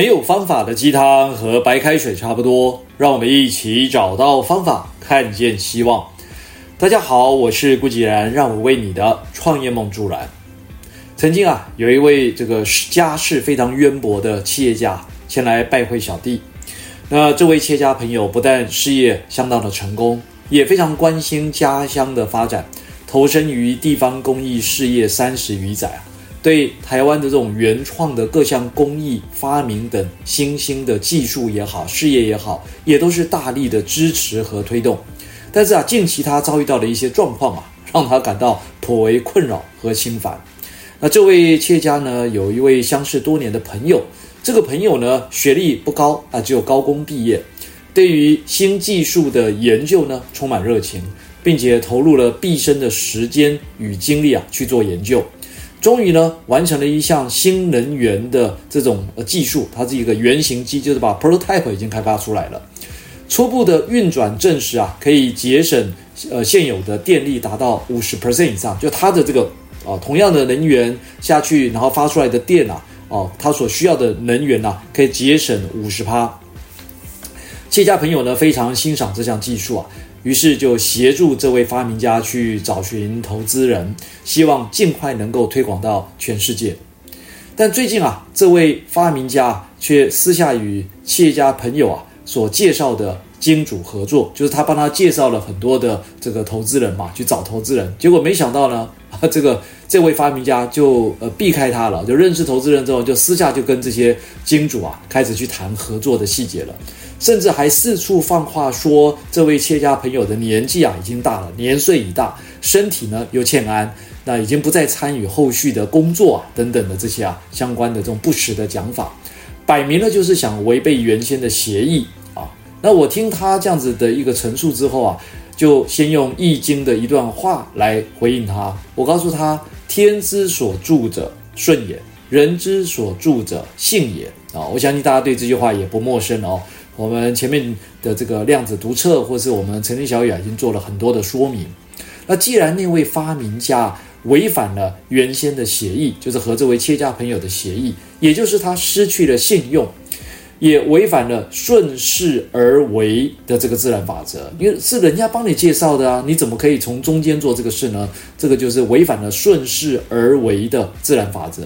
沒有方法的雞湯和白開水差不多，讓我們一起找到方法，看見希望。大家好，我是顧吉然，讓我為你的創業夢助燃。曾經啊，有一位這個家世非常淵博的企業家前來拜會小弟。那這位企業家朋友不但事業相當的成功，也非常關心家鄉的發展，投身於地方公益事業三十餘載啊。對台灣的這種原創的各項工藝、發明等新興的技術也好、事業也好，也都是大力的支持和推動。但是啊，近期他遭遇到了一些狀況啊，讓他感到頗為困擾和心煩。那、啊、這位企業家呢，有一位相識多年的朋友，這個朋友呢學歷不高啊，只有高工畢業，對於新技術的研究呢充滿熱情，並且投入了畢生的時間與精力啊去做研究。終於呢，完成了一項新能源的這種呃技術，它是一個原型機，就是把 prototype 已經開發出來了，初步的運轉證實啊，可以節省呃現有的電力達到五十 percent 以上，就它的這個啊、呃、同樣的能源下去，然後發出來的電啊，哦、呃，它所需要的能源吶、啊，可以節省五十趴。這家朋友呢非常欣賞這項技術啊。於是就協助這位發明家去找尋投資人，希望盡快能夠推廣到全世界。但最近啊，這位發明家卻私下與企業家朋友啊所介紹的金主合作，就是他幫他介紹了很多的這個投資人嘛，去找投資人。結果沒想到呢，啊這個。這位發明家就呃避開他了，就認識投資人之後，就私下就跟這些金主啊開始去談合作的細節了，甚至還四處放話說這位企業家朋友的年紀啊已經大了，年歲已大，身體呢又欠安，那已經不再參與後續的工作啊等等的這些啊相關的這種不實的講法，擺明了就是想違背原先的協議啊。那我聽他這樣子的一個陳述之後啊，就先用《易經》的一段話來回應他，我告訴他，天之所助者順也，人之所助者信也。啊、哦，我相信大家對這句話也不陌生哦。我們前面的這個量子獨特，或是我們曾經小宇啊，已經做了很多的說明。那既然那位發明家違反了原先的協議，就是和這位企業家朋友的協議，也就是他失去了信用，也違反了順勢而為的這個自然法則，因為是人家幫你介紹的啊，你怎麼可以從中間做這個事呢？這個就是違反了順勢而為的自然法則。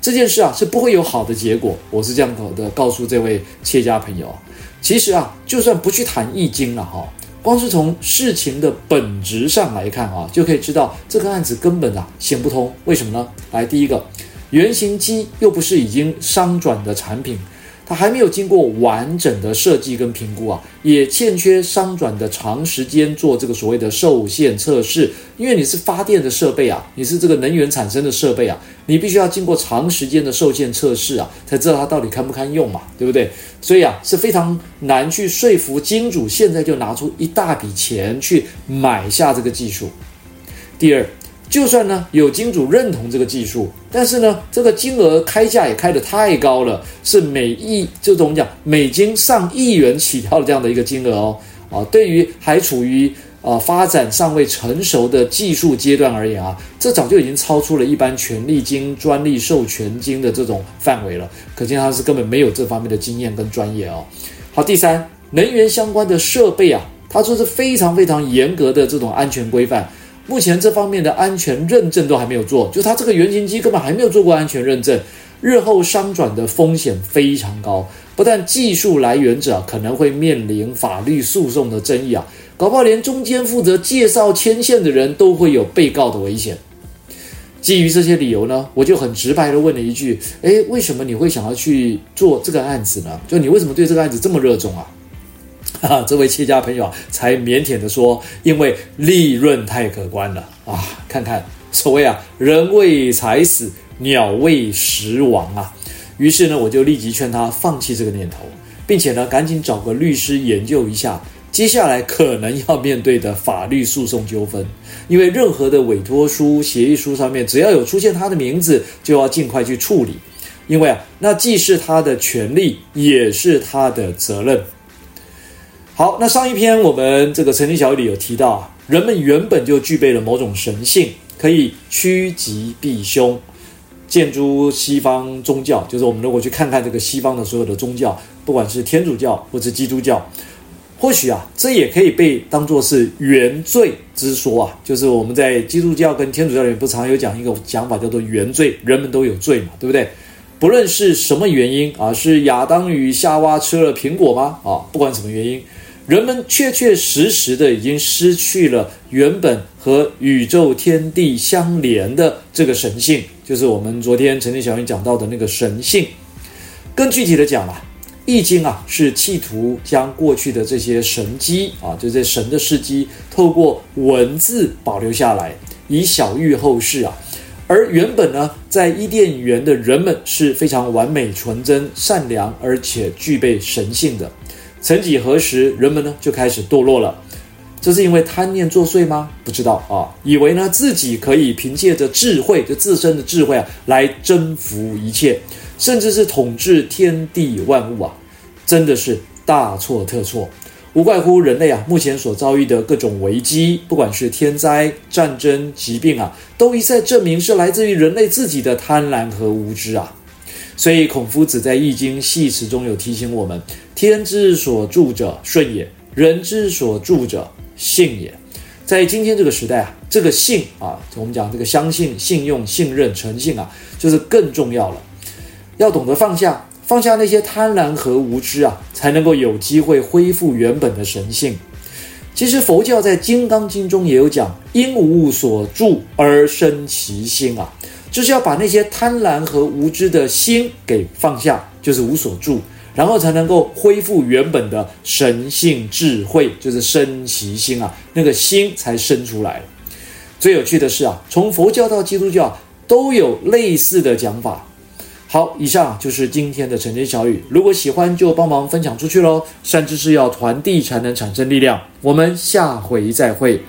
這件事啊，是不會有好的結果。我是這樣搞的，告訴這位企業家朋友，其實啊，就算不去談易經了、啊、哈，光是從事情的本質上來看啊，就可以知道這個案子根本啊行不通。為什麼呢？來，第一個，原型機又不是已經商轉的產品。它還沒有經過完整的設計跟評估啊，也欠缺商轉的長時間做這個所謂的受限測試，因為你是發電的設備啊，你是這個能源產生的設備啊，你必須要經過長時間的受限測試啊，才知道它到底堪不堪用嘛，對不對？所以啊，是非常難去說服金主現在就拿出一大筆錢去買下這個技術。第二。就算呢，有金主認同這個技術，但是呢，這個金額開價也開得太高了，是每億，這種講美金上億元起跳的這樣的一個金額哦。啊，對於還處於啊發展尚未成熟的技術階段而言啊，這早就已經超出了一般權利金、專利授權金的這種範圍了。可見他是根本沒有這方面的經驗跟專業哦。好，第三，能源相關的設備啊，它說是非常非常嚴格的這種安全規範。目前這方面的安全認證都還沒有做，就他這個原型機根本還沒有做過安全認證，日後商轉的風險非常高。不但技術來源者可能會面臨法律訴訟的爭議啊，搞不好連中間負責介紹牽線的人都會有被告的危險。基於這些理由呢，我就很直白地問了一句：誒，為什麼你會想要去做這個案子呢？就你為什麼對這個案子這麼熱衷啊？啊，這位企業家朋友啊，才靦腆地說：“因為利潤太可觀了啊！看看所謂啊，人為財死，鳥為食亡啊！”於是呢，我就立即勸他放棄這個念頭，並且呢，趕緊找個律師研究一下接下來可能要面對的法律訴訟糾紛。因為任何的委託書、協議書上面只要有出現他的名字，就要盡快去處理。因為啊，那既是他的權利，也是他的責任。好，那上一篇我們這個《聖經》小語裡有提到啊，人們原本就具備了某種神性，可以趨吉避凶。建築西方宗教，就是我們如果去看看這個西方的所有的宗教，不管是天主教或者基督教，或許啊，這也可以被當作是原罪之說啊。就是我們在基督教跟天主教裡面不常有講一個講法叫做原罪，人們都有罪嘛，對不對？不論是什麼原因啊，是亞當與夏娃吃了蘋果嗎？啊，不管什麼原因。人們確確實實的已經失去了原本和宇宙天地相連的這個神性，就是我們昨天曾經小云講到的那個神性。更具體的講啊，《易經》啊是企圖將過去的這些神機啊，就這些神的事機，透過文字保留下來，以曉諭後世啊。而原本呢，在伊甸園的人們是非常完美、純真、善良，而且具備神性的。曾幾何時，人們呢就開始墮落了，這是因為貪念作祟嗎？不知道啊，以為呢自己可以憑借着智慧，就自身的智慧啊，來征服一切，甚至是統治天地萬物啊，真的是大錯特錯。無怪乎人類啊，目前所遭遇的各種危機，不管是天災、戰爭、疾病啊，都一再證明是來自於人類自己的貪婪和無知啊。所以，孔夫子在《易經·繫辭》中有提醒我們：“天之所助者順也，人之所助者信也。”在今天這個時代啊，這個信啊，我們講這個相信、信用、信任、誠信啊，就是更重要了。要懂得放下，放下那些貪婪和無知啊，才能夠有機會恢復原本的神性。其實，佛教在《金剛經》中也有講：“因無所住而生其心啊。”就是要把那些貪婪和無知的心給放下，就是無所住，然後才能夠恢復原本的神性智慧，就是生其心啊，那個心才生出來了。最有趣的是啊，從佛教到基督教啊，都有類似的講法。好，以上就是今天的晨間小語。如果喜歡，就幫忙分享出去嘍。善知識要傳遞才能產生力量。我們下回再會。